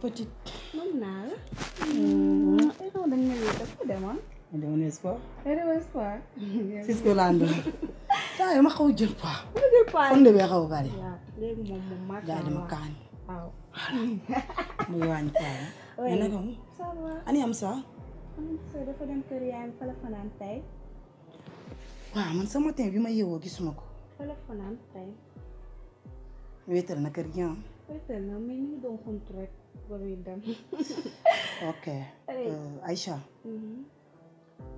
petit. mën naa la. xëy dañ ne lii dafa demoon. ma demoon espoir. ma demoon espoir. Cisco laa àndoon. saa yi ma xaw a jël poids. ma jël poids yi fonde bee xaw ani am sa. am sa dafa dem kër yaayam wah, man iya gitu sama matin bima ma yeewoo gisuma ko. fa la fanaan tey. wéetal na kër gi dong wéetal will read them. Aisha euh, mm-hmm. Aïcha.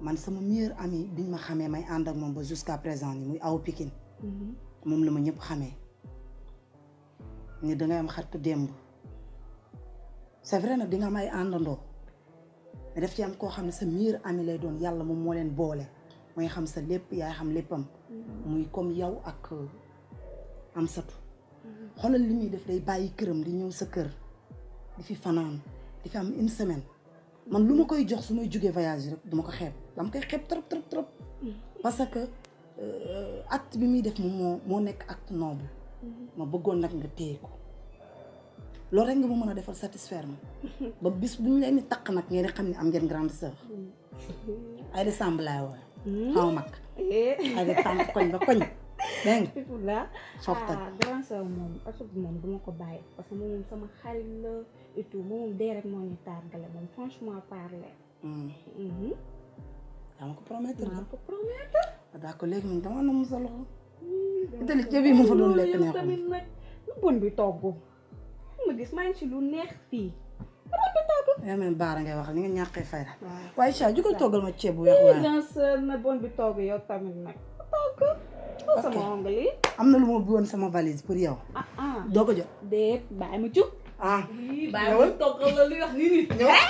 man sama meilleur ami biñ ma xamee may ànd ak moom ba jusqu'à présent ni muy aw Pikine. moom mm-hmm. la ma ñëpp xamee. ni dangay am xaritu demb c'est vrai nag di nga may andando àndandoo. mais ci am ko xam sa mir ami lay doon yalla mom mo len bolé moy xam sa lepp yaay xam leppam mm-hmm. muy comme yaw ak euh, am xoolal xolal limi def day bayyi kërëm di ñew sa kër. di fi fanaan di fi am une semaine man lu ma koy jox su may jugee voyage rek dama ko xeeb dama koy xeeb trop trop trop. parce que euh, acte bi muy def moom moo moo nekk acte noble. ma bëggoon nag nga téye ko loolu rek nga ma mën a defal satisfaire ma ba bis bu ñu leen di takk nag ngeen di xam ni am ngeen grande sœur. Mm. ay de sàmm laay woowee. mag ay de tànk koñ ba koñ. dégg nga pipu la softal ah, grand soeur moom ko bàyyi parce que moom sama xarit la et dee rek moo ñu tàggale moom franchement parler dama hmm. mhm. ko promettre ah, dama na mu sa loxo hmm, itali ceeb yi ma fa doon tamit nag lu bon bi togg ma gis maa ngi ci lu neex fii yaa mel baara ngay wax ni nga ñàkkee fay la waaye Aïcha jugal toggal ma ceeb bu weex waaye eh, na bon bi togg yow tamit nag togg sama ongle yi am na lu ma bëggoon sama valise pour yow. Ah, ah. doo ko jot. déet bàyyi ma cub. ah bàyyi ma toog la luy wax nii nii. Eh,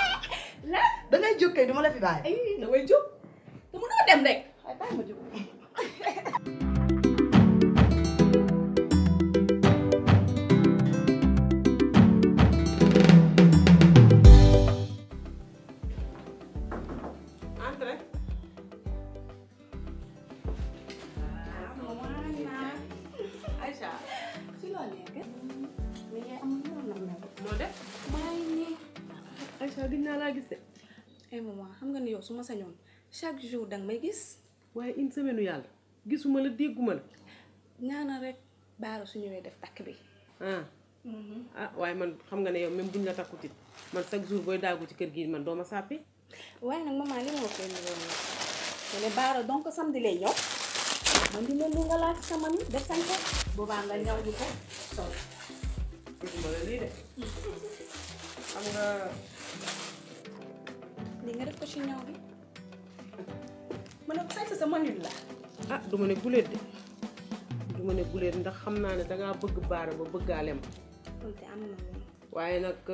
la da la fi bàyyi. da dem rek waaye bàyyi ay eh, moment xam nga ni yow su ma sañoon chaque jour danga may gis. waaye une semaine yàlla gisuma la dégguma la. ñaana rek baara suñu ñëwee def takk bi. Ah. Mm-hmm. ah. waaye man xam nga ne yow même buñ la takkutit man chaque jour booy daagu ci kër gi man dooma ma sàppi. waaye nag maman li ma koy nuyoon te ne baara donc samedi lay ñëw man def sante boobaa nga ñaw ji ko sol. gisuma la lii de mm-hmm. xam nga. dengar nga def ko ci ñaw bi ma ko sa la ah du ne guleet de du ne guleet ndax xam naa ne dangaa bëgg baara ba bëggaale ma waaye nag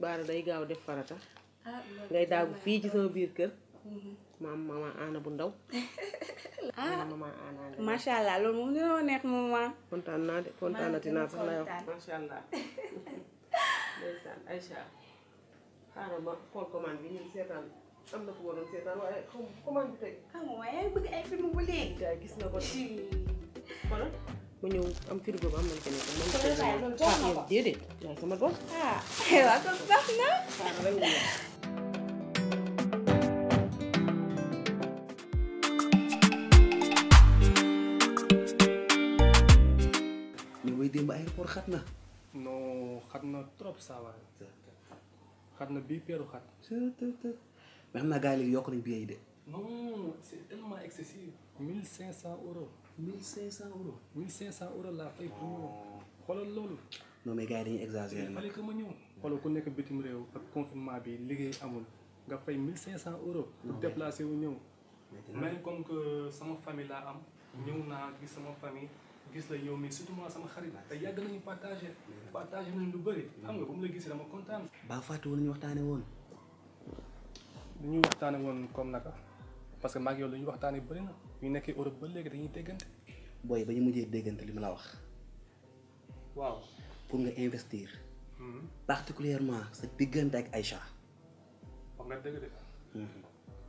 baara day gaaw def farata ngay daagu ci sama biir kër mama bu ndaw ah mama aana allah loolu moom dina mama kontaan naa de kontaanati naa sax lay ya. allah xaaral ma xool commande bi ñun seetaan am na ko waroon seetaan waaye xaw ma commande bi tey. xam nga waaye bëgg ay film bu léegi. waaw gis na ko ci xoolal. mu ñëw am frigo ba am nañu ko nekk moom. kon nag loolu jox na ko déedéet jaay sama doom. ah waaw kon baax na. mais way démb aéroport xat na. non xat na trop ça va. xat na bii peeru xat. mais xam naa gars yi léegi yokk nañ billet yi de. non c'est tellement excessif. mille cinq cent euros. mille cinq cent euros. mille cinq cent euros laa fay pour ñëw. loolu. non mais gars yi dañuy exagéré nag. fallait que ma ñëw. xoolal ku nekk bitim réew ak confinement bi liggéey amul nga fay mille cinq cent euros. pour wu ñëw. même comme que sama famille laa am. ñëw naa gis sama famille. gis la yow mii surtout sama xarit te yag nañu partager partager nañu lu bëri xam nga bu mu la gisse dama kontaan ba fàtte woon ñu waxtane won ñu waxtane won comme naka parce que maag yow lu waxtane waxtaane na ñu nekkee Europe ba léegi dañuy déggante boy bañu mujjé mujjee li mala wax waaw pour nga investir hmm. particulièrement sa diggante ak Aïcha wax nga dëgg de hmm.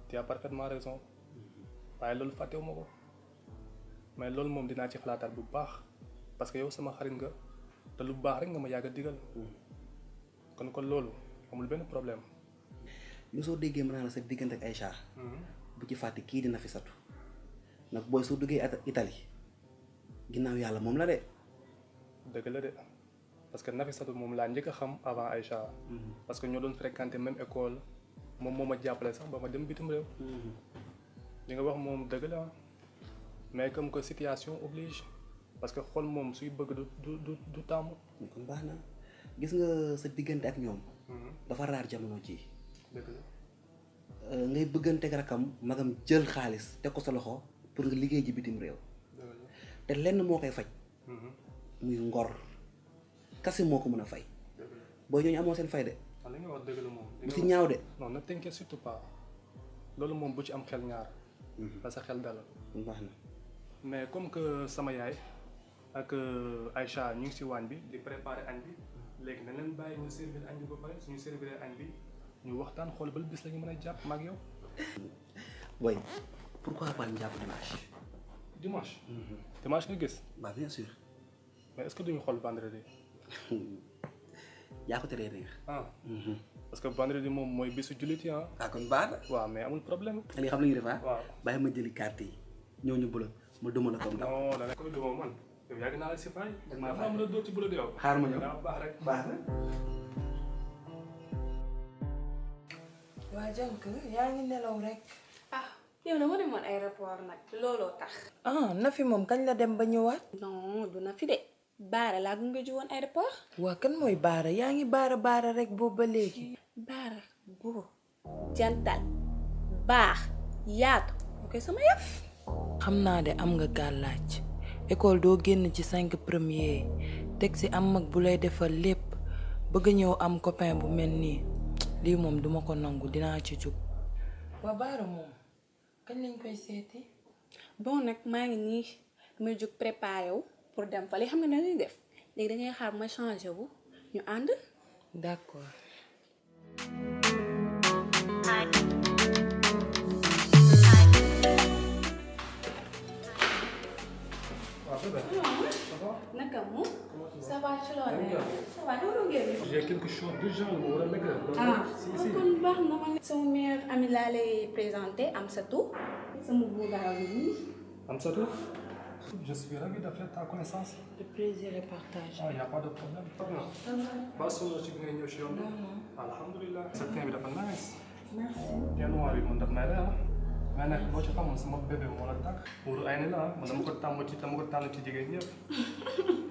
tu as parfaitement raison hmm. waaye loolu fàttewuma ko mais loolu moom dinaa ci xalaataat bu baax parce que yow sama xarit nga te lu baax rek nga ma yàgg a digal kon kon loolu amul benn problème. mais soo déggee mën naa sa diggante ak Aïcha. Mhm. bu ci fàtte kii dina fi satu nag booy soo duggee Italie ginnaaw yàlla moom la de. dëgg la de parce que Nafisatu moom laa njëkk a xam avant Aïcha. Mhm. parce que ñoo doon fréquenté même école moom moom a jàppale sax ba ma dem bitim réew. Mhm. li nga wax moom dëgg la mais comme que situation oblige parce que xol moom suy bëgg du du du du tàmm. kon baax na gis nga sa diggante ak ñoom. Mhm. dafa raar jamono ji dëgg la euh, ngay bëgganteeg rakam magam jël xaalis teg ko sa loxo pour nga liggéey ji bitim réew. te lenn moo koy faj. Mhm. muy ngor kasi moo ko mën a fay. booy ñooñu amoo seen fay de. waaw ah, li nga wax dëgg la moom. bu ci ñaaw de. non ne t'inquiète surtout pas loolu moom bu ci am xel ñaar. Mhm. parce que xel dalal. baax na. mais comme que sama yaay ak euh, Aïcha ñu ngi si waañ bi di préparer añ bi léegi na leen bàyyi ñu servir añ bi ba pare suñu servir añ bi ñu waxtaan xool ba bis la ñu mën a jàpp maag yow. way pourquoi pas jàpp dimanche. dimanche. Mhm. dimanche nga gis. waaw bah, bien sûr. mais est-ce que duñu xool vendredi. yaa ko teree neex. ah. Mhm. parce que vendredi moom mooy bisu jullit yi ah. ah kon baax na. waaw mais amul problème. li xam la ñuy def ah. waaw bàyyi ma jëli carte yi ñëw ñu bële. ma duma la comme daaw. non da ko duma man yow yàgg naa la si fay. dag maa fay ma la ci bu la di yow. xaar ma baax rek baax na. ngi nelaw rek. ah yow na ma demoon aéroport nag looloo tax. ah na fi moom kañ la dem ba ñëwaat. non du na fi de. bara, kan yang ini bara woon aéroport. waa kan mooy baara yaa ngi baara baara rek ba jantal baax yaatu. Oke, sama ya? xam naa de am nga gàllaaj école doo génn ci cinq premier teg si am mag bu lay defal lépp bëgg ñëw am copain bu mel nii lii moom duma ko nangu dinaa ci jug waa baara moom kañ lañ koy seeti bon nag maa ngi nii may jug préparé pour dem fa li xam nga na ñuy def léegi dañuy xaar ma changé wu ñu ànd d'accord Bah. Hein. va J'ai quelque chose déjà. Ah, c'est mère Amila présenté, Je suis ravi de faire ta connaissance. Le plaisir est partagé. Il ah, n'y a pas de problème. Pas problème. problème. Pas de problème. Hein. Alhamdulillah. C'est bien, pas de Merci. mais nag boo ci xamul sama bébé moo la tàkk. wóoru ay ni la man dama ko tàmm ci dama ko tànn ci jigéen ñëpp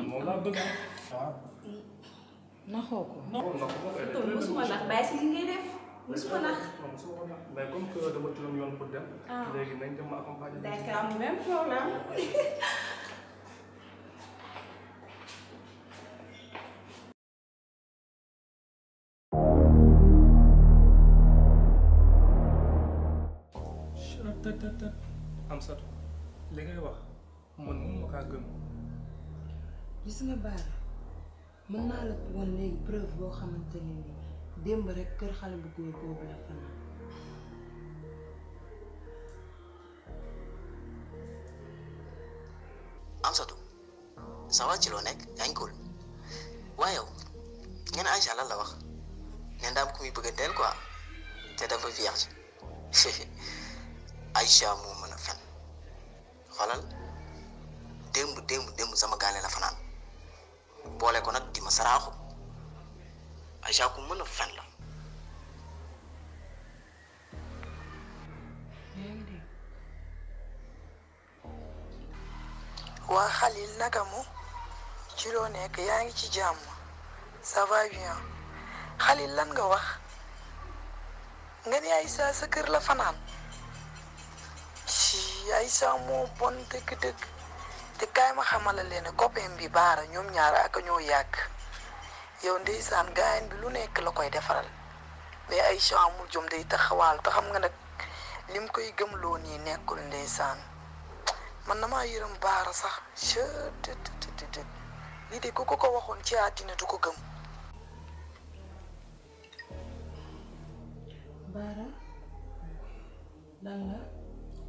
moom laa bëgg a. waaw. naxoo ko. naxoo ko naxoo musuma nax bàyyi si li ngay def musuma nax. musuma nax mais comme que dama turam yoon pour dem. léegi nañ dem ma accompagner. d'accord même problème. tët am satu li ngay wax man mënuma kaa gëm. gis nga Baara mën naa la wan léegi preuve boo xamante démb rek kër xale bu góor boobu la fanaan. am satu sa wàcc loo nekk yaa ngi waaye yow ngeen Aïcha lan la wax ne ndaam ku muy bëgganteel quoi te dafa vierge. Aïcha moo mën a fen xoolal démb démb démb sama gaale la fanaan boole ko nag di ma saraaxu Aïcha mën a fen la waa Xalil naka mu ci loo nekk yaa ngi ci jàmm ça va Xalil lan nga wax nga ne Aïcha sa kër la fanaan ay sax moo bon dëgg-dëgg te kaay ma xamala leen ne copain bi baara ñoom ñaar ak ñoo yàgg yow ndeysaan gaayen bi lu nekk la koy defaral mais ay amul jom day taxawaal te xam nga nag lim koy gëmloo nii nekkul ndeysaan man damaa yërëm baara sax chëtëtëtëtë lii de ko ko waxoon ci àddina du ko gëm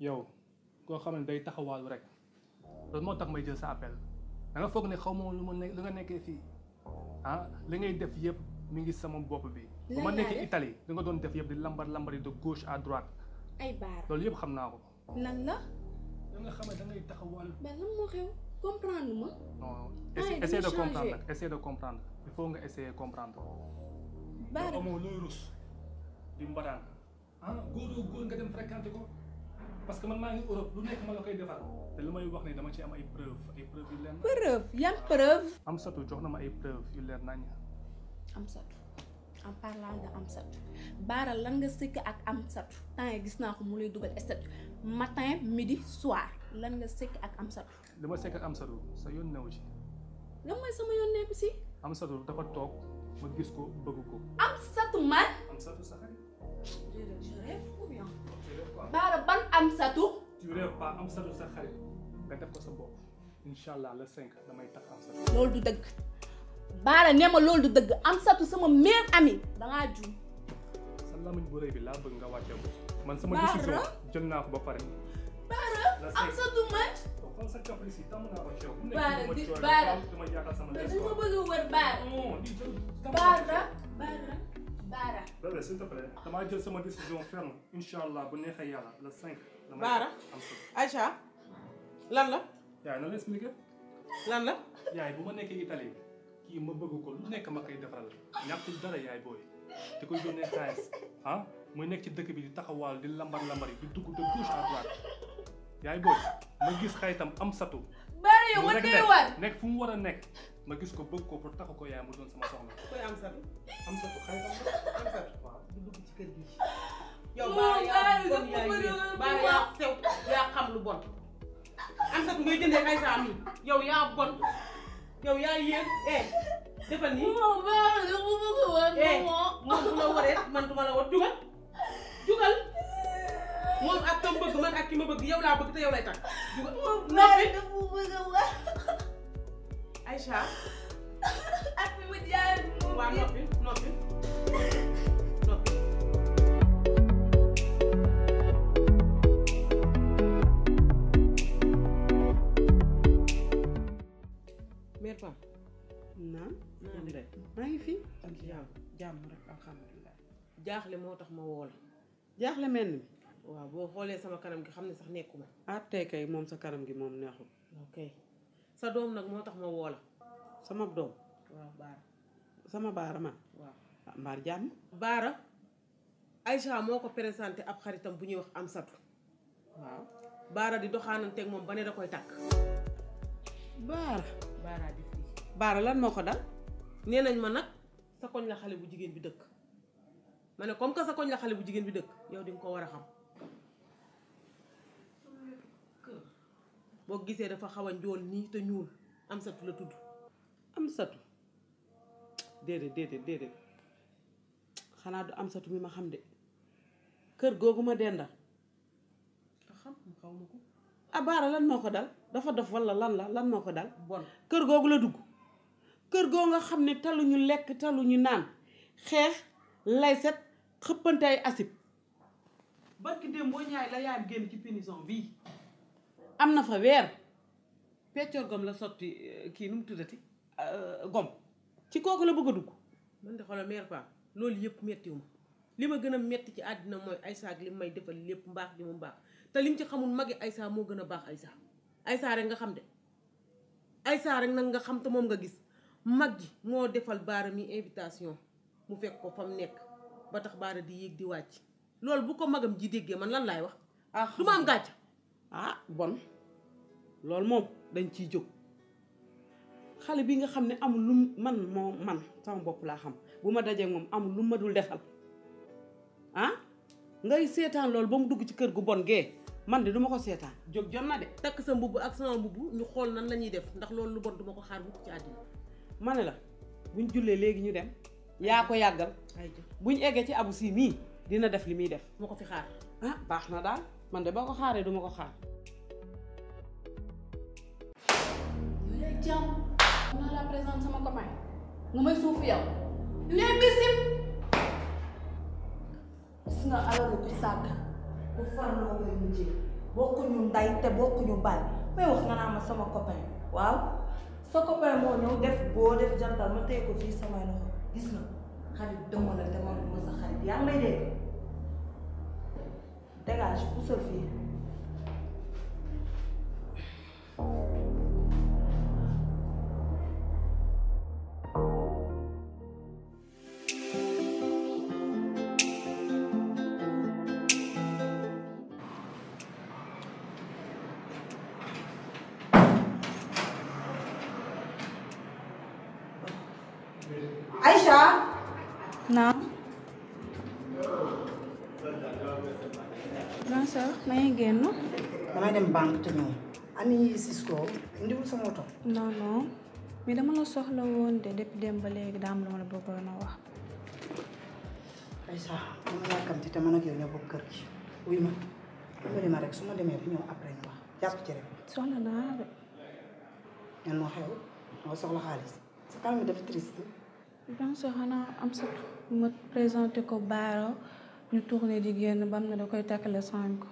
yow koo xam ne day taxawaalu rek loolu moo tax may jël sa appel da foog ne xaw ma lu ma ne lu nga nekkee fii ah li ngay def yëpp mu ngi sama bopp bi. bu ma nekkee Italie li nga doon def yëpp di lambar lambari de gauche à droite. ay baar loolu yëpp xam naa ko. lan la. da nga xam ne da ngay taxawaalu. mais lan xew comprendre ma. non essayer de comprendre nag essayer de comprendre il faut nga essayer comprendre. baar amoo looy ah, nga dem fréquenté ko. pas que man urut, dunia Europe lu nekk ma la koy defar te lu may wax ne dama ci Improve, ay improve? ay preuve am satu jox na improve, ay nanya. am satu en parlant de am satu baara lan nga ak am satu temps gis naa ko mu dugal matin midi soir lan nga sëkk ak am satu li ma ak am satu sa yoon newu ci lan mooy sama yoon nekku si am satu dafa toog ma gis ko bëgg ko am satu man am satu sa jere baara amsatu. juree pas amsatu sa xarit nga ko sa bopp allah le 5 damay takk amsatu. loolu du dëgg baara ne ma du amsatu sama meilleur ami da ngaa juum. sa lamañ bu bi nga ko. man sama décision jël naa ko ba pare. baara amsatu man. Kan baara prêt, s'il te plaît. damaa jël sama décision ferme incha allah bu neexee yàlla le 5. baara Aïcha lan la. yaay na la expliqué. lan la. yaay bu ma nekkee Italie kii ma bëgg ko lu nekk ma koy defaral ñàkkul dara yaay booy te koy yónnee xaalis ah muy nekk ci dëkk bi di taxawaal di lambar lambar yi di dugg de gauche à droite yaay booy ma gis xaytam am satu. bari yow nga doy waar nekk fu mu war a nekk. ma gis ko bëgg ko pour taxu ko yaay mu doon sama soxna. koy am satu. am satu xarit am satu waaw du dugg ci kër gi. yow baara yaa bon yaa yées baara yaa sew yaa xam lu bon. am satu ngay jëndee ay saam yi yow yaa eh, bu bëgg woon. Eh, moom bu du ma la war jugal jugal. moom ak kam bëgg man ak bëgg yow laa bëgg te yow lay tax. jugal noppi. Aïcha. ak naan. naan rek maa ngi fi. ak jàmm jàmm jaaxle moo tax ma woo jaaxle mel ni. waaw boo xoolee sama kanam gi xam ne sax nekkuma. ah tey kay moom sa kanam gi moom neexul. ok. sa dom nak motax ma woo sama dom waaw bar sama barama ma waaw bar ah, jam? Bar, aisha moko ko ab xaritam bu wax am sat waaw baara di doxanante ak mom bané da koy tak bar di fi bar lan moko dal nenañ ma nak sa koñ la xalé bu jigen bi dekk mané comme que sa koñ la xalé bu jigen bi dekk yow di ko war xam boo gisee dafa xaw a njool nii te ñuul Amsatu la tudd Amsatu déedéet déedéet déedéet xanaa du Amsatu mi ma xam de kër googu ma denda xam ah, lan moo ko dal dafa dof walla lan la lan moo ko dal bon kër googu la dugg kër goo nga xam ne taluñu lekk talu ñu naan xeex layset xëppante ay asib barki démb boo ñaay la yaayam génn ci pénison bii am na fa weer peccoor gom la sotti eh, kii nu mu tuddati eh, gom ci kooku la bëgg a dugg man de xoolal meer paa loolu yëpp méttiwu li ma gën a metti ci àddina mooy Aïssa ak li may defal lépp mbaax gi mu mbaax te lim ci xamul magi Aïssa moo gën a baax Aïssa Aïssa rek nga xam de Aïssa rek nag nga xam te moom nga gis mag ji moo defal baara mi invitation mu fekk ko fa mu nekk ba tax baara di yéeg di wàcc loolu bu ko magam ji déggee man lan laay wax. ah du ma am gàcce ah, bon. loolu moom dañ ciy jóg xale bi nga xam ne amul lu man moo man sama bopp laa xam bu ma dajee moom amul lu ma dul defal ah ngay seetaan loolu ba mu dugg ci kër gu bon gee man de duma ko seetaan jóg jot na de takk sa mbubb ak sama mbubb ñu xool nan lañuy def ndax loolu lu bon du ko xaar mukk ci àddina ma ne la buñ jullee léegi ñu dem yaa ko yàggal buñ eggee ci abu si mii dina def li muy def ma ko fi xaar ah, baax na daal man de boo ko xaaree duma ko xaar jàmm naa la présente sama copain nga may suufu yow les bisib gis nga alalu ku sàgg bu farloo ngay mujjee bokkuñu nday te bokkuñu baay may wax nga naa ma sama copain waaw sa copain moo ñëw def boo def jantal ma tey ko fii samay loxo gis nga xarit dama la dama ma sa xarit yaa ngi may dégg dégage poussal fii même banque te ñoom ani Cisco ndiwul sama oto. non non dama la soxla woon de depuis dem ba léegi daa am lu ma la bëggoon a wax. Aïssa dama yàkkamti te man ak yow ñoo bokk kër gi wuy ma dimbali ma rek su ma demee ba ñëw après ñu wax jàpp ci rek. soxla naa de. ñan moo xew moo soxla xaalis sa kanam dafa triste. bien sûr xanaa am sa ma présenté ko baaro ñu tourné di génn ba am na da koy takkale sànq.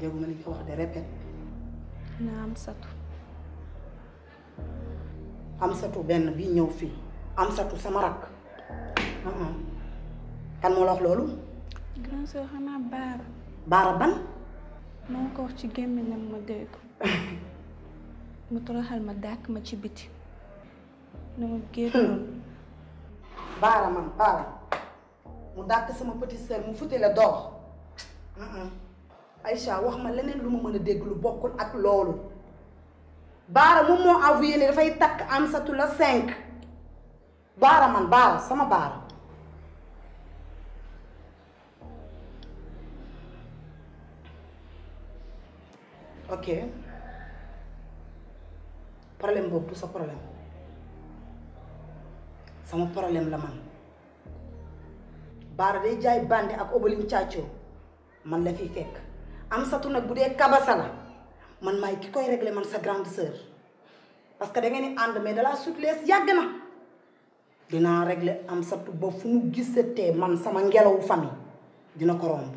dégguma li ko wax de répète. xanaa Amsatu. Amsatu benn bi ñëw fii Amsatu sama rakk. kan moo la wax loolu. grand sœur xanaa baara. baara ban. moo ko wax ci gémmiñam ma dégg mu toroxal ma dàkk ma ci biti. na ma génnoon. Hmm. baara man baara mu dàkk sama petite mu futti la doox. Aïcha wax ma leneen lu ma mën a dégg lu bokkul ak loolu baara moom moo avoué dafay takk Amsatou la cinq baara man baara sama baara ok problème boobu du sa problème sama problème la man baara day jaay bande ak obalim càccoo man la fiy fekk am satu nag bu dee kabasa la man maay ki koy régler man sa grande sœur parce que da ngeen di ànd mais de la yàgg na dinaa régler am satu ba fu mu gisatee man sama ngelawu famille dina ko romb.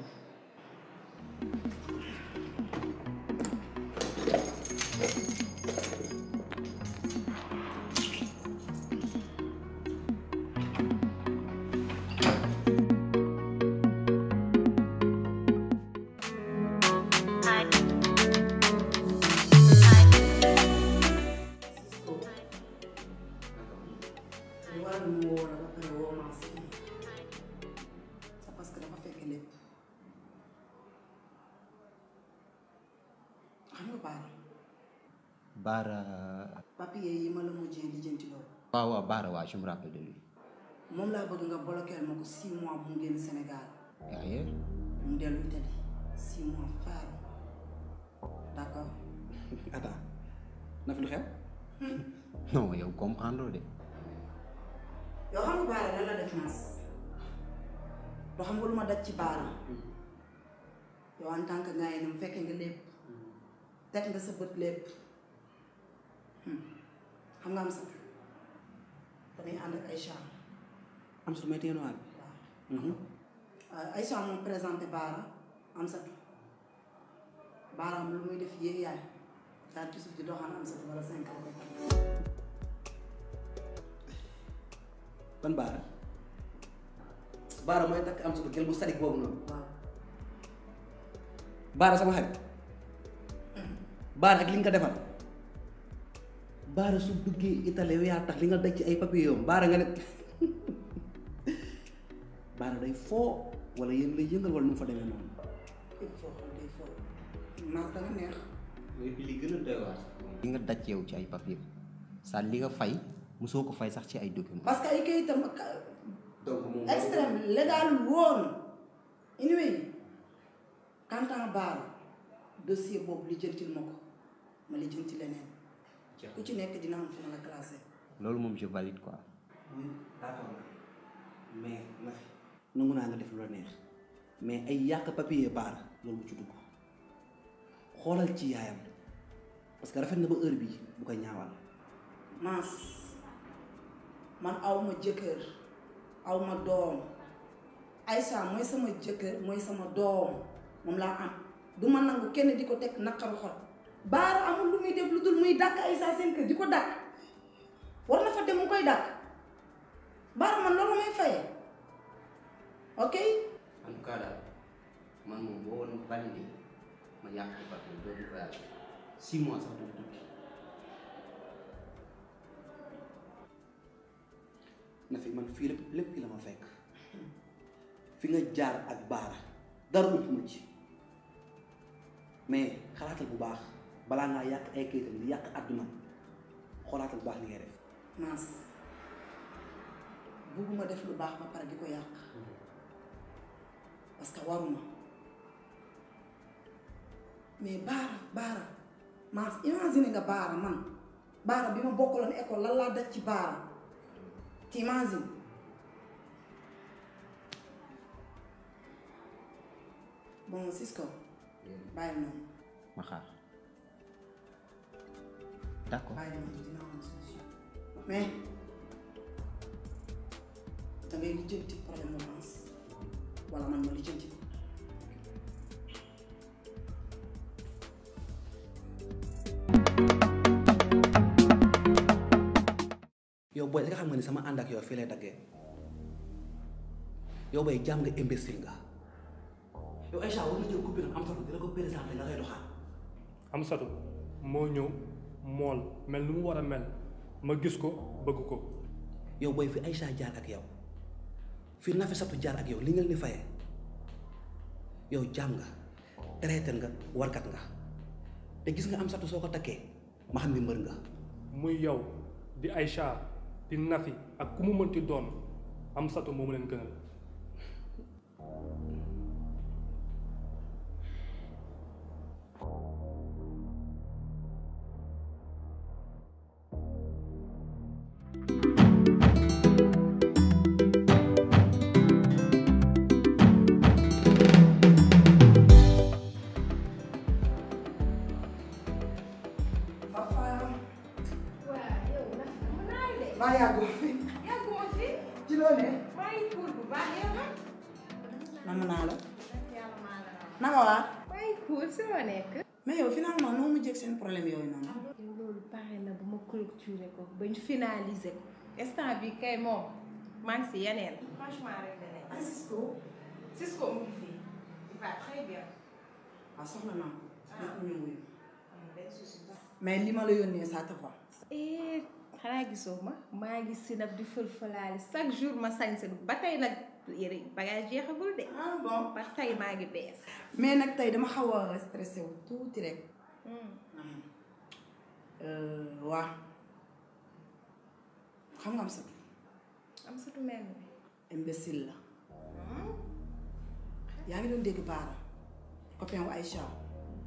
xaaral waaye je me rappelle de lui. moom laa bëgg nga bloquer ma ko mois mu génn Sénégal. yaa ngi mu dellu Italie six mois faaru d' accord. na fi lu xew. non yow comprendre de. yoo xam nga baara lan la def mas loo xam nga lu ma daj ci baara hmm. yow en tant que gars yi mu fekkee nga lépp hmm. teg nga sa bët lépp hmm. xam nga am sa. damay ànd ak Aïcha. am su may téye noir bi. waaw. Aïcha moom présenté Baara am sa baaraam lu muy def yéeg yaay daal ci suuf doxaan am sa wala Baara. Baara mooy takk am sa gel bu sadik boobu noonu. Baara sama xarit. Mm-hmm. Baara ak li nga defal. baara su duggee lewi atas yaa tax li nga daj ci ay papillon baara nga ne baara day foo wala yéen lay yëngal wala nu mu fa demee noonu. day foo maas dana neex. mais bi li gën a doy waar. nga daj yow ci ay papier sa li nga fay mosoo ko fay sax ci ay document. parce que ay anyway dossier boobu ma ko ma ku ci nekk dina am fu mu la classé. loolu moom je valide quoi. mais na fi. naa nga def lu mais ay yàq papier baar loolu mu ci dugg xoolal ci yaayam parce que rafet na ba heure bi bu ko ñaawal. maas man aw ma jëkkër aw ma doom Aïssa mooy sama jëkkër mooy sama doom moom laa am du ma nangu kenn di ko teg naqaru xol. baara amul lu muy def lu dul muy dàkk ay saa seen di ko dàkk war na fa dem mu koy dàkk baara man loolu may fayee ok. en tout cas daal man moom ko fi man lépp lépp la ma fekk fi nga jaar ak baara dara ump ma ci mais xalaatal bu baax. balaa ngaa yàq ay kayitam yàq àdduna xoolaatal baax li ngay def. Mass bugguma def lu baax ma pare di ko yàq parce que waruma mais baara baara Mass imagine nga baara man baara bi ma bokkaloon école lan laa daj ci baara ci bon Cisco bàyyi noonu ma xaar. d'accord mais da ngay xam nga ni sama ànd ak yow fii lay daggee booy jaam nga imbécile nga yow Aïcha war na jël coupe bi am satu moo ñëw mool mel ni mu war a mel ma gis ko bëgg ko. yow booy fi Aïcha jaar ak yow fi satu jaar ak yow li ngeen di fayee yow jaam nga traité nga warkat nga te gis nga am satu soo ko takkee ma xam ni mbër nga. muy yow di Aïcha di Nafi ak ku mu mënti doon am satu moomu leen gënal. rupture ko bañ finaliser ko instant bi kay moom maa ngi si yeneen franchement rek da ne ah, Cisco Cisco mu fi il va très bien waaw soxla naa ko ñu wuyu mais li ma la yónnee ça te va et eh, xanaa gisoo ma maa ngi sinab di fël chaque jour ma sañse ba tey nag yére bagage jeexagul de ah bon ba tey maa ngi bees mais nag tey dama xaw a stressé wu tuuti rek hmm. ah. euh, waaw xam nga am satu am bi imbécile la hmm? yaa ngi doon dégg baara copain wu Aïcha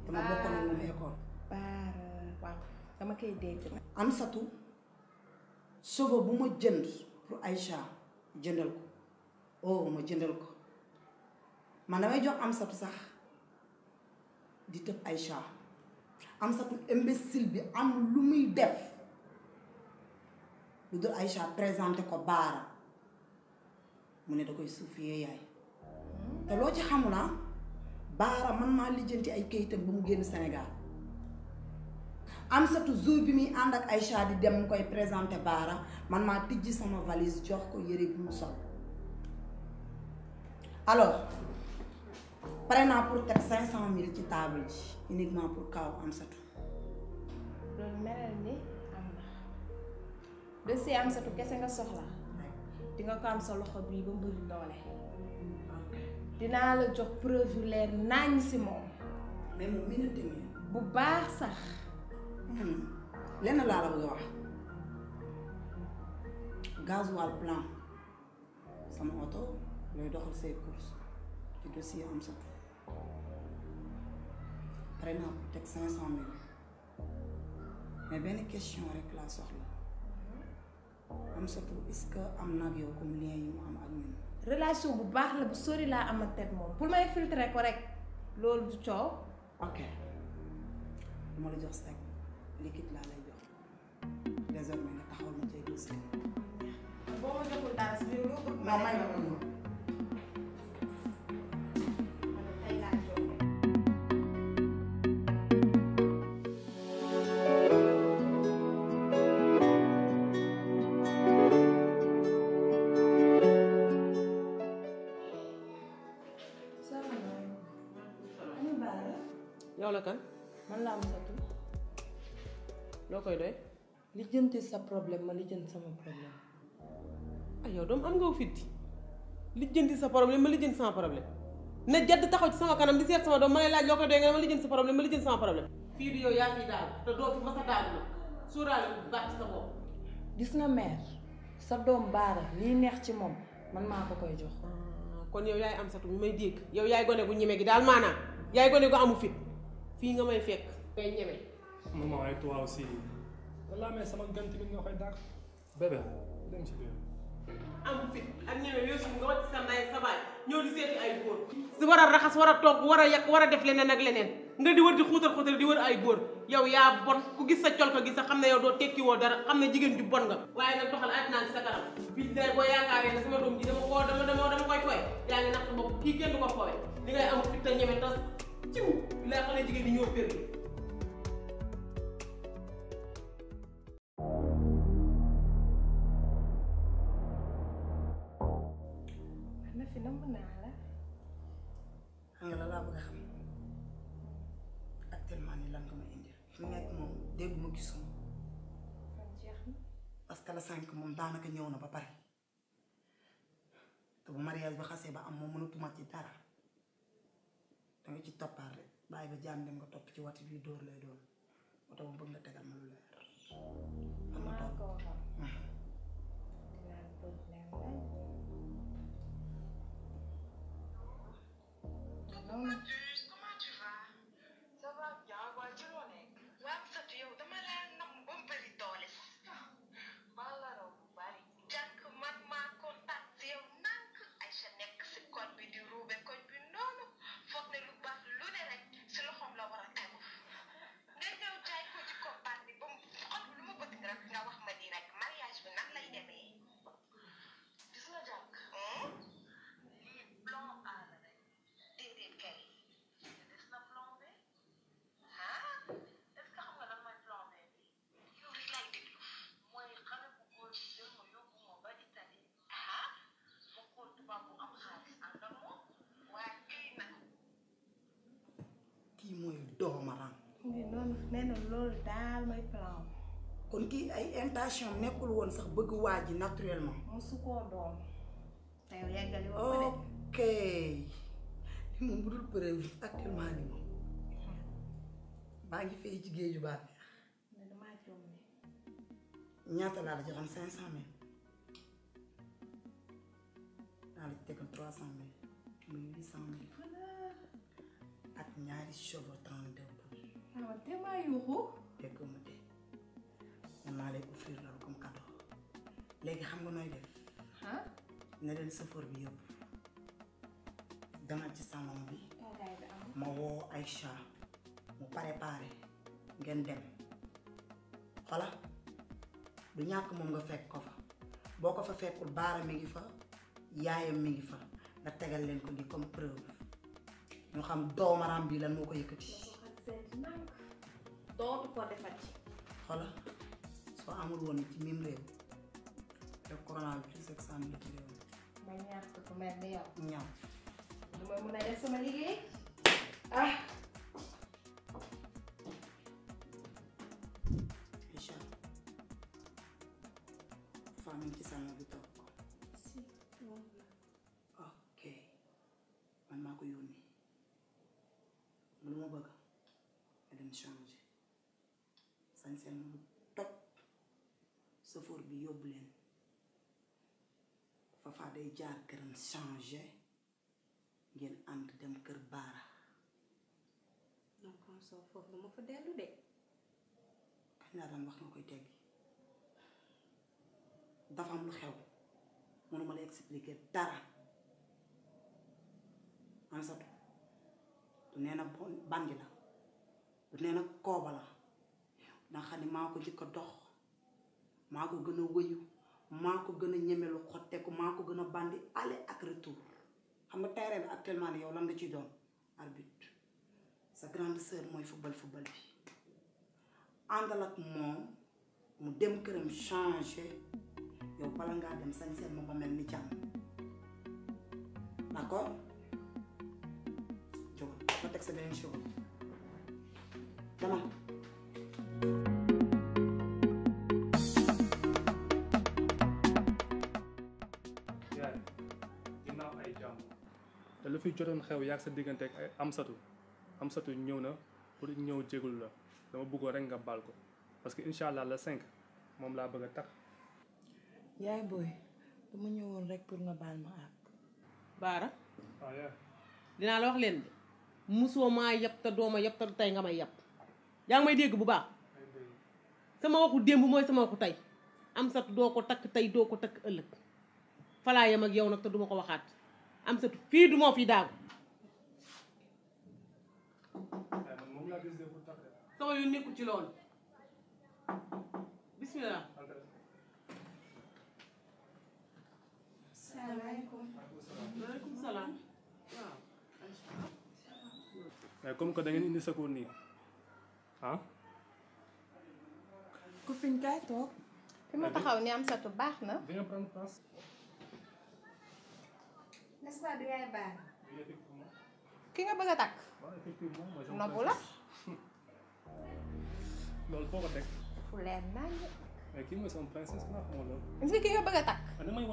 dama bokkoon ak moom école baara dama koy dégg am satu sobo bu ma jënd pour Aïcha jëndal ko oh ma jëndal ko man damay jox am satu sax di tëb Aïcha am satu imbécile bi am lu muy def lu dul Aïcha présenté ko Baara mu ne da koy suufiyee yaay te loo ci xamula ah? Baara man maa lijjanti ay kayitam ba mu génn Sénégal am satu jour bi muy ànd ak Aïcha di dem mu koy présenté Baara man maa tijji sama valise jox ko yëre bi mu sol alors pare naa pour teg cinq cent mille ci table ji uniquement pour kaaw am satu loolu melal ni dossier am satu kese nga soxla di ko am sa loxo bii ba mbëri doole dinaa la jox preuve yu leer nañ si moom mais moom minute bu baax sax hmm. lenn laa la bëgg wax gasoil blanc sama oto looy doxal say course ci am satu pare naa teg cinq cent mais benn question rek laa soxla Amsatou est-ce que am na ak yow comme lien yi mu am ak ñun. relation bu baax la bu sori laa amante ak moom pour may filtrer ko rek loolu du coow. ok ma la jox sac liquide laa lay jox désormais nga taxaw na cay dossier. boo ma joxul dara si réew mi. man la Amsatou loo koy doy lijjanti sa problème ma lijjanti sama problème ah yow doom am nga fitti lijjanti sa problème ma lijjanti sama problème na jadd taxaw ci sama kanam di seet sama doom ma lay laaj loo koy doy nga ne ma lijjanti sa problème ma lijjanti sama problème fii di yow yaa ngi masa daal bu baax sa bopp gis nga mère sa doom baara lii neex ci moom man maa ko koy jox ah, kon yow yaay Amsatou ñu may dégg yow yaay gone bu ñeme gi daal maanaam yaay gone gu amu fit fii nga may fekk ngay ñeme. maman et toi aussi. walla mais sama gan tamit nga koy dàq. bébé dem ci biir. am fit ak ñeme yooyu nga wàcc sa sa baay ñëw di seeti ay góor. si war a raxas war a togg war a yàq war a def leneen ak leneen nga di wër di xuutal xuutal di wër ay góor yow yaa bon ku gis sa col ko gis sa xam ne yow doo tekki woo dara xam ne jigéen ju bon nga. waaye nag doxal at naa sa kanam. bii day boo yaakaaree ne sama doom ji dama koo dama dama dama koy fooy yaa ngi nax sa bopp kii kenn ko fooy li ngay am fit te ñeme tas. jiw laa xale jigéen ñi ñoo perdu xam nga laa bëgg a xam actuellement nii lan nga ma indi fi mu moom dégg ma gisuma parce que la sànq moom daanaka ñëw na ba pare te bu mariage ba xasee ba am moom mënatuma ci dara danga ci toppaar rek bàyyi ba jaam dem nga topp ci wati bii dóor lay doon oto bu bëgg nga tegal ma lu leer kii mooy doomaram. noonu nee na loolu daal mooy plan kon kii ay intention nekkul woon sax bëgg waa ji naturellement. mosu koo doon. te li moom bu dul preuve actuellement ni moom maa ngi fay ci géeju baax. mais damaa jom ne. ñaata laa la joxoon cinq cent mille. naa la ci trois cent mille muy huit cent mille. ñaari cheveux temps dëmb. waaw te maa yuuxu. léegi xam nga nooy def. ah. ne leen sëfoor bi yëpp demal ci salon bi. ma woo Aïcha mu préparé ngeen dem xola du ñàkk moom nga fekk ko fa boo ko fa fekkul baara mi ngi fa yaayam mi ngi fa nga tegal leen ko di comme preuve. ñu xam doomaram bi lan moo ko yëkkati. dootu ko defati. xoolal soo amul woon ci même réew te coronavirus ak ci réew ma ñàkk du ma mën a def sama liggéey ah. incha ci salon bi. sañse mu toj safoor bi yóbbu leen Fafa day jaar këram changé ngeen ànd dem kër baara donc kon soo foofu lu ma fa dellu de kañ laa daan wax nga koy teggi dafa am lu xew mënuma la expliquer dara Amsatou du nee na bandi la du nee kooba la ndax xam ne maa ko jëkk a dox maa ko gën a wëyu maa ko gën a ñemelu xotteeku maa ko gën a bandi aller ak retour xam nga terrain bi actuellement ni yow lan nga ciy doon arbitre sa grande sœur mooy football football bi àndal ak moom mu dem këram changé yow bala ngaa dem sañ seen moo mel ni jàmm d'accord jógal ba teg sa beneen jógal dama fi jotoon xew yaa sa diggante ak ay amsatu amsatu ñëw na pour ñëw jégul la dama bëggoon rek nga baal ko parce que incha allah la cinq moom laa bëgg a tax. yaay booy dama ñëwoon rek pour nga baal ma àq. Baara. Ah, dinaa la wax leen de musoo maa yab te dooma yab te tey nga may yab yaa ngi may dégg bu baax. sama waxu démb mooy sama waxu tey amsatu doo ko takk tey doo ko takk ëllëg falaa ak yow nag te duma ko waxaat. am sa du moo fi daaw sama yu nekkul ci loolu salaam comme que da ngeen indi sakoon nii ah? ku fiñ kaay fi ma taxaw am satu baax na n'est-ce pas du yaay baar. ki nga bëgg a takk. nobbu la. loolu foo ko teg. la xamal ki nga bëgg a takk. ah damay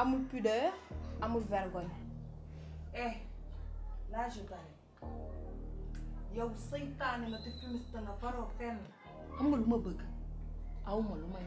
amul pudeur eh la je yow seytaane te fumiste na faroo fenn. xam nga lu ma bëgg awma lu may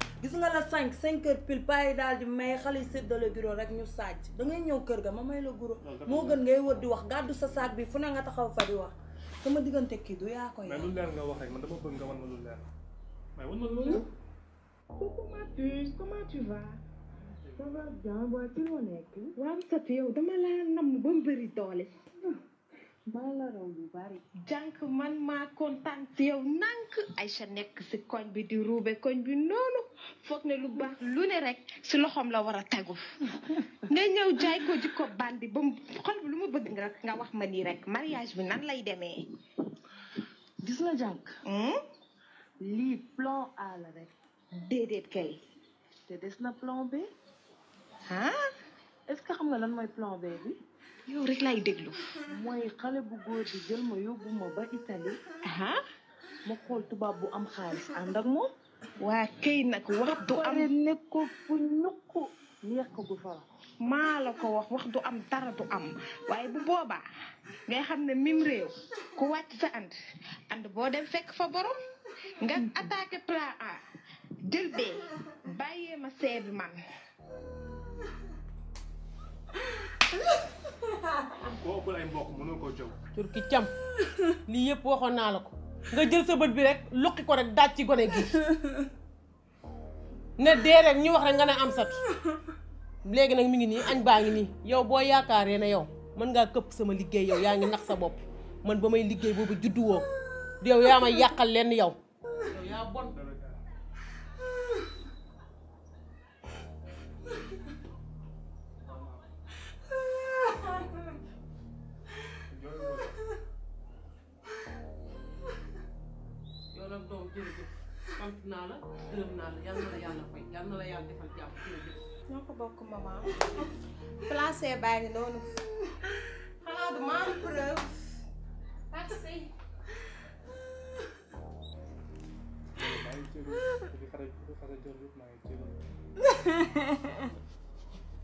gis nga la cinq cinq heures pile payi daal di may xale yi séddale guro rek ñu sàcc da ngay ñëw kër ga ma may la guro moo gën ngay wër di wax gàddu sa saak bi fu ne nga taxaw fa di wax sama diggante kii du yaa koy mais lu leer nga wax rek man dama bëgg nga wan ma lu leer mais wan ma lu leer coucou ma puce comment tu vas ça va bien boy ci loo nekk waaw satu yow dama laa namm ba mu bëri doole maa la raw lu bari jànk man maa kontaan ci yow nànk Aïcha nekk si koñ bi di ruube koñ bi noonu foog ne lu baax lu ne rek si loxoom la war a tegu nga ñëw jaay ko jikko bandi ba mu xol bi lu mu bëgg rek nga wax ma nii rek mariage bi nan lay demee. gis nga jànk. Hmm? lii plan A rek. déedéet kay. te des na plan bi ah. est-ce que xam nga lan mooy plan B bi. yow rek lay déglu. mooy xale bu góor bi jël ma yóbbu ma ba Italie. ah. ma xool tubaab bu am xaalis ànd ak moom. waa këy nag wax du am ne ko bu ñukk la ko wax wax du am dara tu am waaye bu booba ngay xam ne miim réew ku wàcc sa ànd ànd boo dem fekk fa borom nga attaqué plan A jël bee bàyyee ma seebi man kooku ko cam lii yëpp waxoon naa la ko nga jël sa bët bi rek luqi ko rek daaj ci gone gi ne dee rek ñu wax rek nga ne am sat léegi nag mu ngi nii añ baa ngi nii yow boo yaakaaree ne yow mën ngaa këpp sama liggéey yow yaa ngi nax sa bopp man ba may liggéey boobu juddu woo yow yaa ma yàqal lenn yow sant naa la gërëm naa la yàlla na la yàlla fay yàlla na la yàlla defal jàmm jërëjëf. ñoo ko bokk maman placé baa ngi noonu. xanaa du ma am preuve. merci.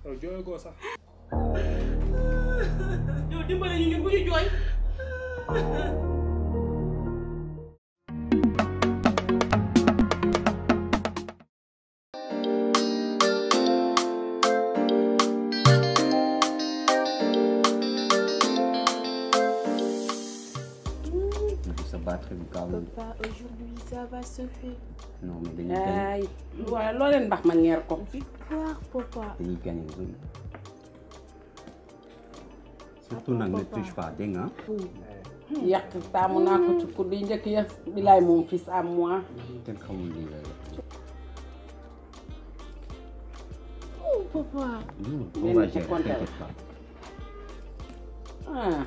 yow jooy koo sax. yow dimbale ñu ñun bu ñu jooy. pas aujourd'hui ça va se faire. non mais dañuy gagné ay waaye loo leen baax ma ngeer ko. victoire papa. dañuy gagné lu bëri. surtout nag ne triche pas dégg nga. yàq saamu naa ko ci mm-hmm. kuréel njëkk ya bilaay moom fils à moi. Mm-hmm. kenn xamul lii la oh, papa. on va gérer t'inquiète pas. ah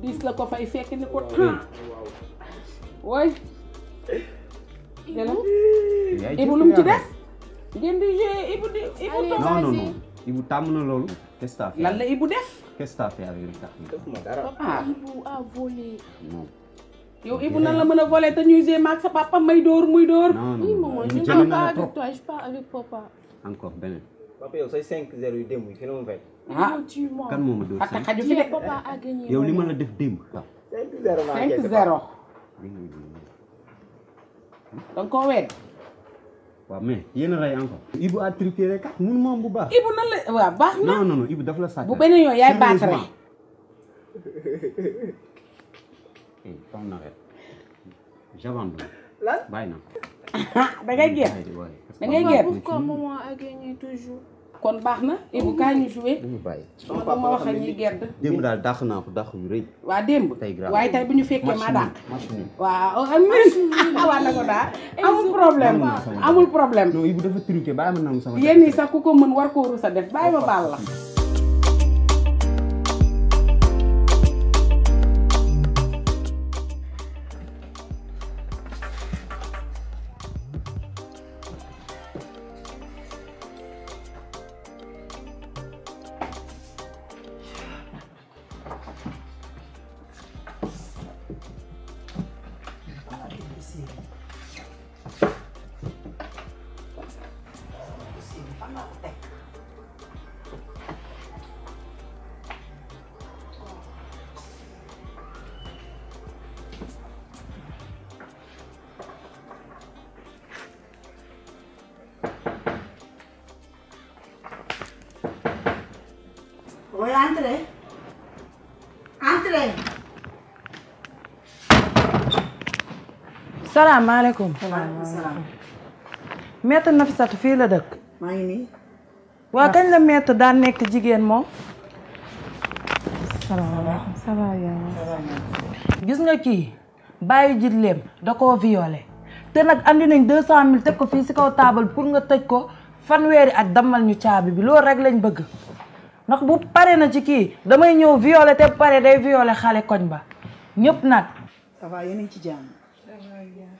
diis la ko fay fekk ni ko. Ah. Ah. waay. Ibu lu mu ci des. ngeen di jouer Ibu di Ibu non non non Ibu tàmm na loolu. qu'est-ce que lan la Ibu def. qu'est-ce que fait avec dara ah Ibu a volé. non. yow Ibu nan la mën a volé te ñuy jouer maag sa papa may dóor muy dóor. non non je ne pas avec toi je parle avec papa. encore beneen. papa yow say 5-0 yu démb yi fi la ma fay. ah kan moo ma dóor sax. papa a gagné yow li ma la def démb. 5-0 5-0. Hmm? da nga koo wedd. waaw mais yéen a rey encore. Ibu a triqué rek ah bu baax. Ibu nan la waaw baax Ibu dafa la sàcc. bu beneen yoon yaay baat rek. foog eh, na rek j'abandonne. lan bàyyi na. da a gagné toujours. kon baax na Ibou kaay ñu joué. dañu bàyyi ma wax ak ñuy gerd. daal dàq naa ko dàq yu rëy. waa démb tey grave waaye tey bu ñu fekkee ma dàq. waaw euh, euh, waaw na ko daal amul problème amul problème. non Ibou dafa truqué bàyyi ma nangu sama. yéen ñi sax ku ko mën war koo rus a def bàyyi ma baal la. salaamaaleykum. waaleykum salaam. maître Nafissatou fii la dëkk. maa ngi nii. waa kañ la maître daan nekk jigéen moom. salaamaaleykum gis nga kii bàyyi jitleem da ko viole te nag andi nañ deux cent mille teg ko fii si kaw taabal pour nga tëj ko fanweeri ak dammal ñu caabi bi loolu rek lañ bëgg. ndax bu pare na ci kii damay ñëw violé te pare day violé xale koñ ba ñëpp nag. ci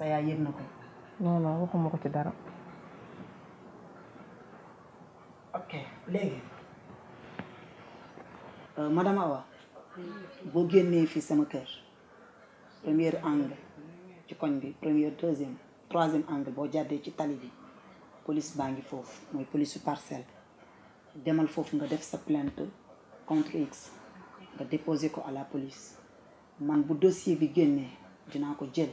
sa yaay yëg na ko. non non waxuma ko ci dara. ok léegi. Euh, madame Awa boo génnee fii sama kër première angle ci koñ bi première deuxième troisième angle boo jàddee ci tali bi police baa ngi foofu mooy police su parcelle demal foofu nga def sa plainte contre X nga déposé ko à la police man bu dossier bi génnee dinaa ko jël.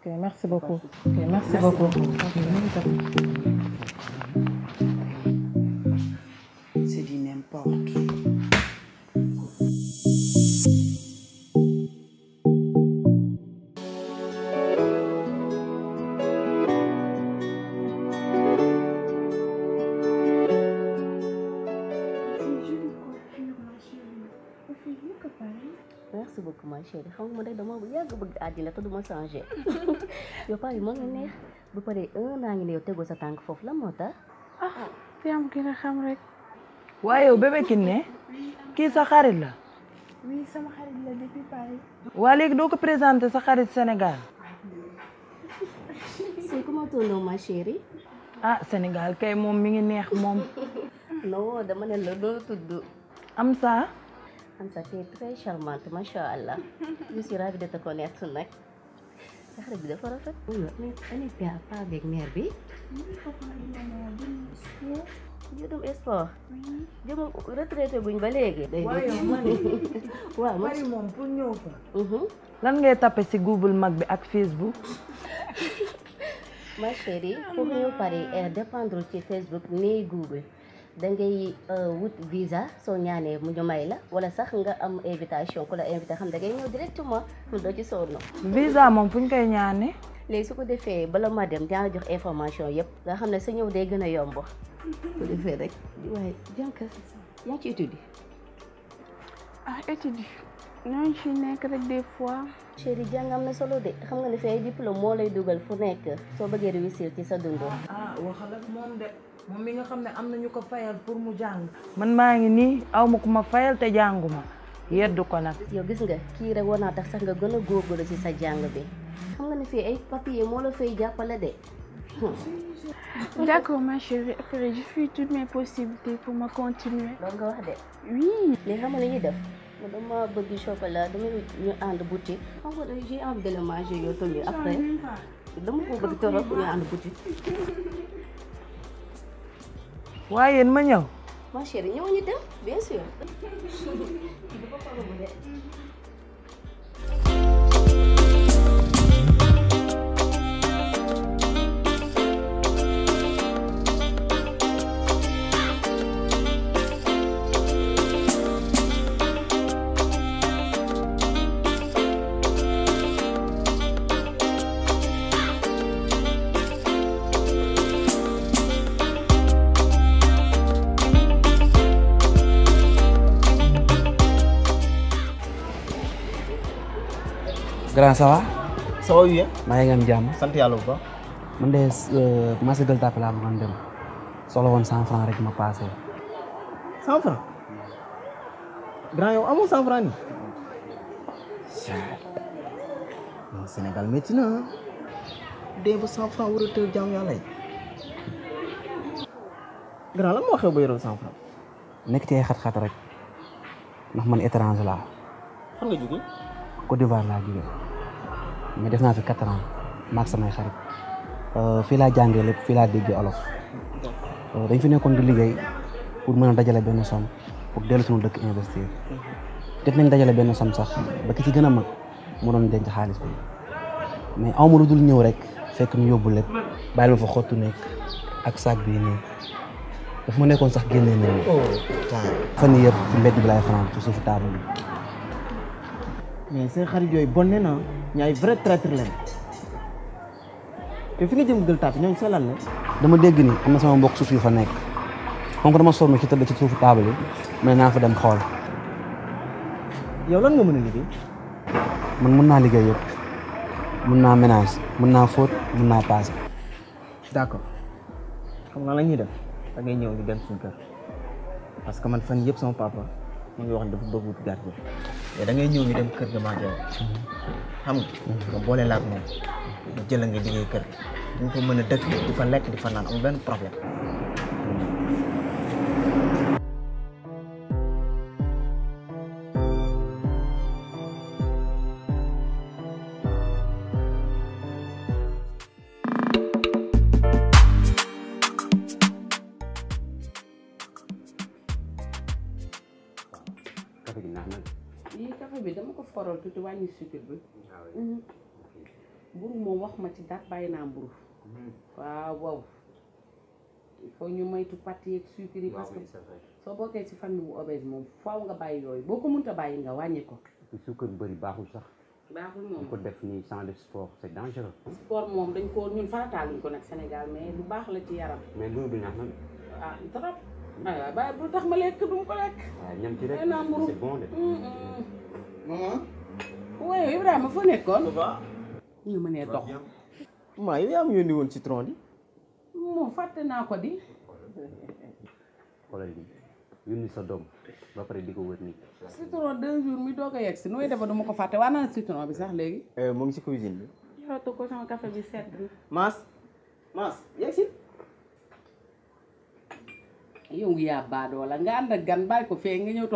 Okay, merci beaucoup. Okay, merci, beaucoup. Adila, todo mundo sange. eu falei, mano, né? Eu falei, Ana, eu te gosto tanto fofo, lá, mota. Ah, tem um que na câmera. Uai, o bebê que né? Que sacarila? Oui, sacarila, depuis Paris. Uai, que do que presente sacarila de Senegal? Sei como tu não, ma chérie? Ah, Senegal, que é mom, minha, mom. Não, da maneira, não, tudo. Amsa? Amsa. أمسكي تعيش المات ما شاء الله يصير بدي تكوني أتسنك تخرج بدي فرفت أنا بيا طابق ميربي judum espo judum retraite buñ ba léegi waaw mari moom pour ñëw fa lan ngay tapé si google mag bi ak facebook ma chérie pour dépendre ci facebook ni google da ngay euh, wut visa soo ñaanee mu ñu may la wala sax nga am invitation ku la invité xam da ngay ñëw directement xam moom fu koy ñaanee. léegi su ko defee bala ma dem dinaa jox information yëpp nga xam ne sa ñëw day gën a yomb. su ko defee rek waaye ah, na solo de xam nga ne fay diplôme moo lay dugal fu nekk soo bëggee réussir ci sa dund. ah waxal ak moom de. moom mi nga xamne amna ñuko fayal pour mu jang man maa ngi nii aw ma fayal te janguma yeddu ko nak yow gis nga ki rek wona tax sax nga gëna gogol ci sa jang bi xam nga ni fi ay papier mo la fay jàppale de hmm. D'accord, ma chérie. Après, je fais toutes mes possibilités pour me continuer. Donc, dé. Oui. Les gens, ils def. dama bëgg chocolat, dama ñu and boutique. Xam nga j'ai envie de le manger yo tamit après. Dama ko bëgg torop ñu and boutique. waaye yéen ma ñëw. ma chérie ñëw ñu dem bien sûr. grand ça va ça va bien maa ngi am jàmm sant yàlla bu baax man de commencé gël tàppe laa bëggoon dem soxla woon cent franc rek ma passé cent franc grand yow amoo cent franc ni Sénégal métti na dee ba cent franc war a tëj jàmm yàlla yi grand lan moo xew ba yoroo cent franc nekk ci ay xat-xat rek ndax man étranger laa fan nga jóge Côte d'Ivoire laa jóge mais def naa fi quatre ans maag samay xarit euh, fii laa jàngee lépp fii laa déggee olof euh, dañ fi nekkoon di liggéey pour mën a dajale benn somme pour dellu suñu dëkk investir def nañ dajale benn somme sax ba ki ci gën a mag mu doon denc xaalis bi mais aw lu dul ñëw rek fekk ñu yóbbu lépp bàyyi ma fa xottu nekk ak saag bii nii daf ma nekkoon sax génnee nañu. waaw oh. fan yii yëpp ci mbedd bi laay fanaan ci suuf taabal bi. mais seen xarit yooyu bonne na ñu vrai traître lañ te fi nga jëm gël tàpp ñoo sa lan la. dama dégg ni am na sama mbokk suuf yu fa nekk moom ko dama sormi ci tëdd ci suufu table yi mais naa fa dem xool. yow lan nga mën a liggéey. man mën naa liggéey yëpp mën naa ménage mën naa fóot mën naa d' accord xam nga la ñuy def da ngay ñëw ñu dem suñu kër parce que man fan yëpp sama papa. mu ngi wax ne dafa bëgg wut gardien te da ngay ñëw dem kër ga maa jox xam nga boole laak moom nga jëla nga liggéey kër gi di nga mën a dëkk di fa lekk di fa naan amul benn problème wàññi sucre bi. Ah mhm. mburu moom wax ma ci dara bàyyi naa mburu mhm. waaw waaw. il ñu moytu pâtes yeeg sucre yi. parce que soo bokkee ci famille bu obèse moom faaw nga bàyyi yooyu boo ko mënta bàyyi nga wàññi ko. sucre bu bëri baaxul sax. baaxul moom ko def nii sans le sport c'est dangereux. sport moom dañ ko ñun farataaluñ ko nag Sénégal mais lu baax la ci yaram. mais mburu bi bàyyi ah, ah, bu tax ma lekk du ko rek c'est bon de. Ibrahima foo nekkoon. ñu ngi mënee dox. maa yow yaa am yónni woon citron di. moom fàtte naa ko di. xoolal lii yónni sa doom ba pare di ko wër nii. citron deux jours mi doog a yegg si nooy defa duma ko fàtte waa naa citron bi sax léegi. mu ngi si cuisine bi. yoratu ko sama café bi sedd mas, Maas Maas yegg si. yow yaa baadoo la nga ànd ak gan bàyyi ko fee nga ñëw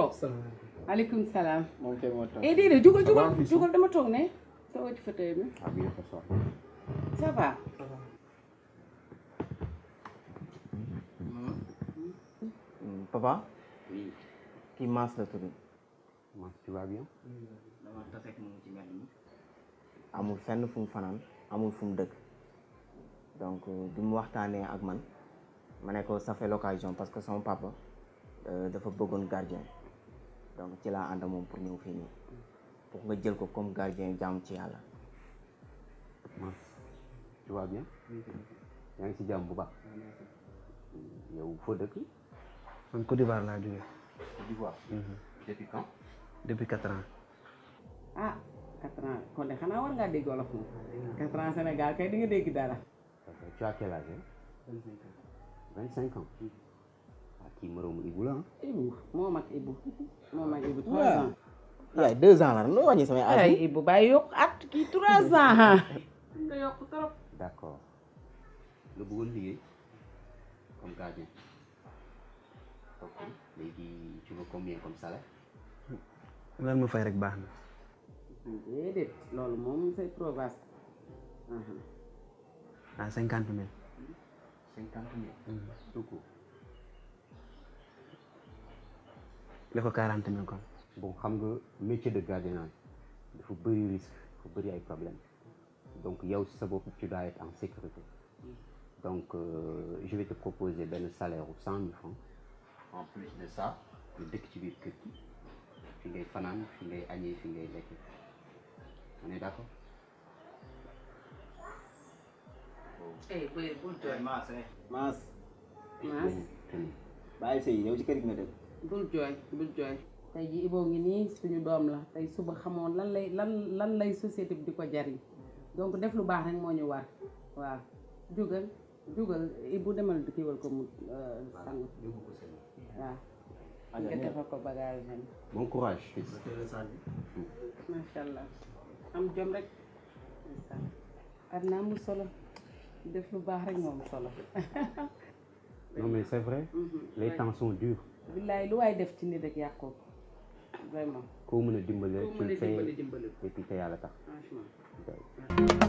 maaleykum salaam. moom tey moo eh, jugal jugal jugal dama toog ne. sa wàcc fauteuil bi. ça va. papa. oui. kii la tudd. amul fenn fu fanaan amul fu mu dëkk. donc euh, waxtaanee ak man ma ne ko ça fait parce que sama papa euh, dafa bëggoon gardien. donc ci la and mom pour ñëw fi ni pour nga jël ko comme gardien jam ci yalla tu vas bien. ya ngi si jam bu ba yow fo dekk man ko divar la jógee. Côte depuis quand. depuis 4 ans. ah 4 ans kon de xana war nga dégg wolof moom. 4 ans Sénégal kay di nga dégg dara. tu as quel âge. 25 ans. 25 ans. kii moromu Ibou la ah. Ibou moo mag Ibou moo mag Ibou trois ans. waaw deux ans la noo wàññi yokk at kii trois ans. nga yokk trop. d'accord nga bëggoon liggéey comme gardien. loolu moom c'est trop vaste. ah cinquante mille. Mm. le ko bon xam métier de risque dafa bëri ay problèmes. donc yow a aussi ça tu dois être en sécurité donc euh, je vais te proposer un salaire au 100 000 francs en plus de ça dès que tu biir kër tu fi ngay fanaan fi ngay añee fi on est d'accord. eh Mas. Eh, Mas. bul jooy bul jooy tey ji Ibou ngi nii suñu doom la tey suba xamoon lan lay lan lan lay société di ko jariñ donc def lu baax rek moo ñu war waaw jugal jugal ko mu euh, sang waaw nga defal ko bagage am jom rek adna amul solo def lu baax rek moom solo non mais c'est vrai mhm. les temps sont durs billaay lu waay def ci nit rek yàq ko vraiment. koo mën a dimbali rek ci fin et puis te yàlla tax. franchement.